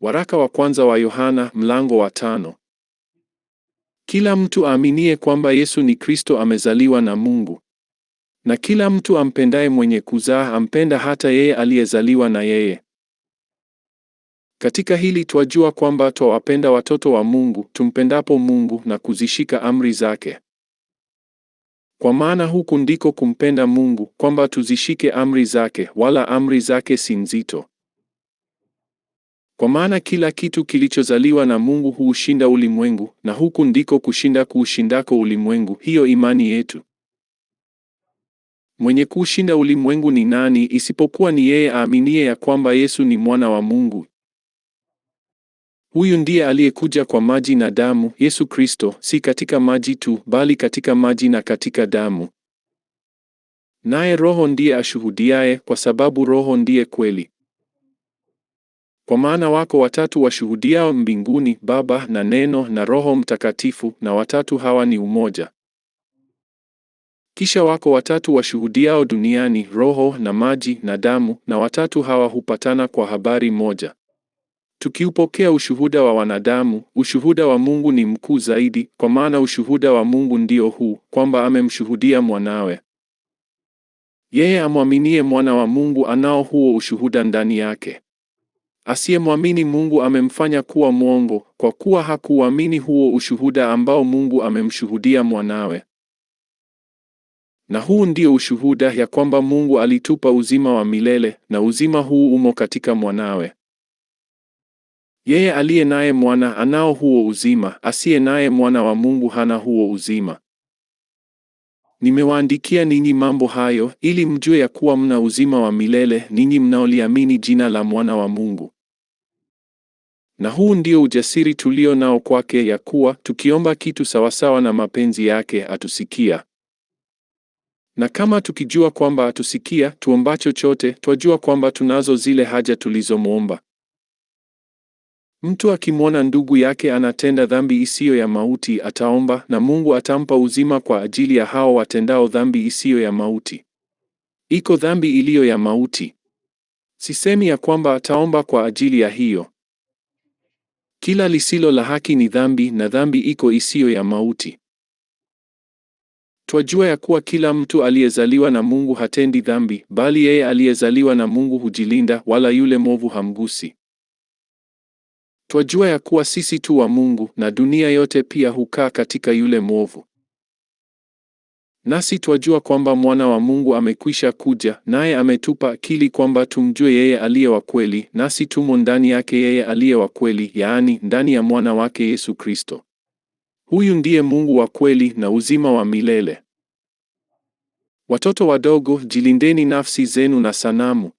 Waraka wa kwanza wa Yohana mlango wa tano. Kila mtu aaminie kwamba Yesu ni Kristo amezaliwa na Mungu. Na kila mtu ampendaye mwenye kuzaa ampenda hata yeye aliyezaliwa na yeye. Katika hili twajua kwamba twawapenda watoto wa Mungu tumpendapo Mungu na kuzishika amri zake. Kwa maana huku ndiko kumpenda Mungu kwamba tuzishike amri zake, wala amri zake si nzito. Kwa maana kila kitu kilichozaliwa na Mungu huushinda ulimwengu, na huku ndiko kushinda kuushindako ulimwengu, hiyo imani yetu. Mwenye kuushinda ulimwengu ni nani, isipokuwa ni yeye aaminiye ya kwamba Yesu ni mwana wa Mungu? Huyu ndiye aliyekuja kwa maji na damu, Yesu Kristo, si katika maji tu, bali katika maji na katika damu. Naye Roho ndiye ashuhudiaye, kwa sababu Roho ndiye kweli. Kwa maana wako watatu washuhudiao mbinguni, Baba na Neno na Roho Mtakatifu, na watatu hawa ni umoja. Kisha wako watatu washuhudiao duniani, roho na maji na damu, na watatu hawa hupatana kwa habari moja. Tukiupokea ushuhuda wa wanadamu, ushuhuda wa Mungu ni mkuu zaidi, kwa maana ushuhuda wa Mungu ndio huu, kwamba amemshuhudia mwanawe. Yeye amwaminie mwana wa Mungu anao huo ushuhuda ndani yake. Asiyemwamini Mungu amemfanya kuwa mwongo, kwa kuwa hakuuamini huo ushuhuda ambao Mungu amemshuhudia mwanawe. Na huu ndio ushuhuda ya kwamba Mungu alitupa uzima wa milele, na uzima huu umo katika mwanawe. Yeye aliye naye mwana anao huo uzima, asiye naye mwana wa Mungu hana huo uzima. Nimewaandikia ninyi mambo hayo ili mjue ya kuwa mna uzima wa milele ninyi mnaoliamini jina la mwana wa Mungu. Na huu ndio ujasiri tulio nao kwake, ya kuwa tukiomba kitu sawasawa na mapenzi yake atusikia. Na kama tukijua kwamba atusikia tuomba chochote, twajua kwamba tunazo zile haja tulizomwomba. Mtu akimwona ndugu yake anatenda dhambi isiyo ya mauti, ataomba na Mungu atampa uzima kwa ajili ya hao watendao dhambi isiyo ya mauti. Iko dhambi iliyo ya mauti. Sisemi ya kwamba ataomba kwa ajili ya hiyo. Kila lisilo la haki ni dhambi, na dhambi iko isiyo ya mauti. Twajua ya kuwa kila mtu aliyezaliwa na Mungu hatendi dhambi, bali yeye aliyezaliwa na Mungu hujilinda, wala yule mwovu hamgusi. Twajua ya kuwa sisi tu wa Mungu, na dunia yote pia hukaa katika yule mwovu. Nasi twajua kwamba mwana wa Mungu amekwisha kuja, naye ametupa akili kwamba tumjue yeye aliye wa kweli, nasi tumo ndani yake yeye aliye wa kweli, yaani ndani ya mwana wake Yesu Kristo. Huyu ndiye Mungu wa kweli na uzima wa milele. Watoto wadogo, jilindeni nafsi zenu na sanamu.